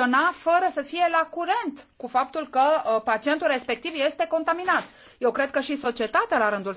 acționa fără să fie la curent cu faptul că uh, pacientul respectiv este contaminat. Eu cred că și societatea la rândul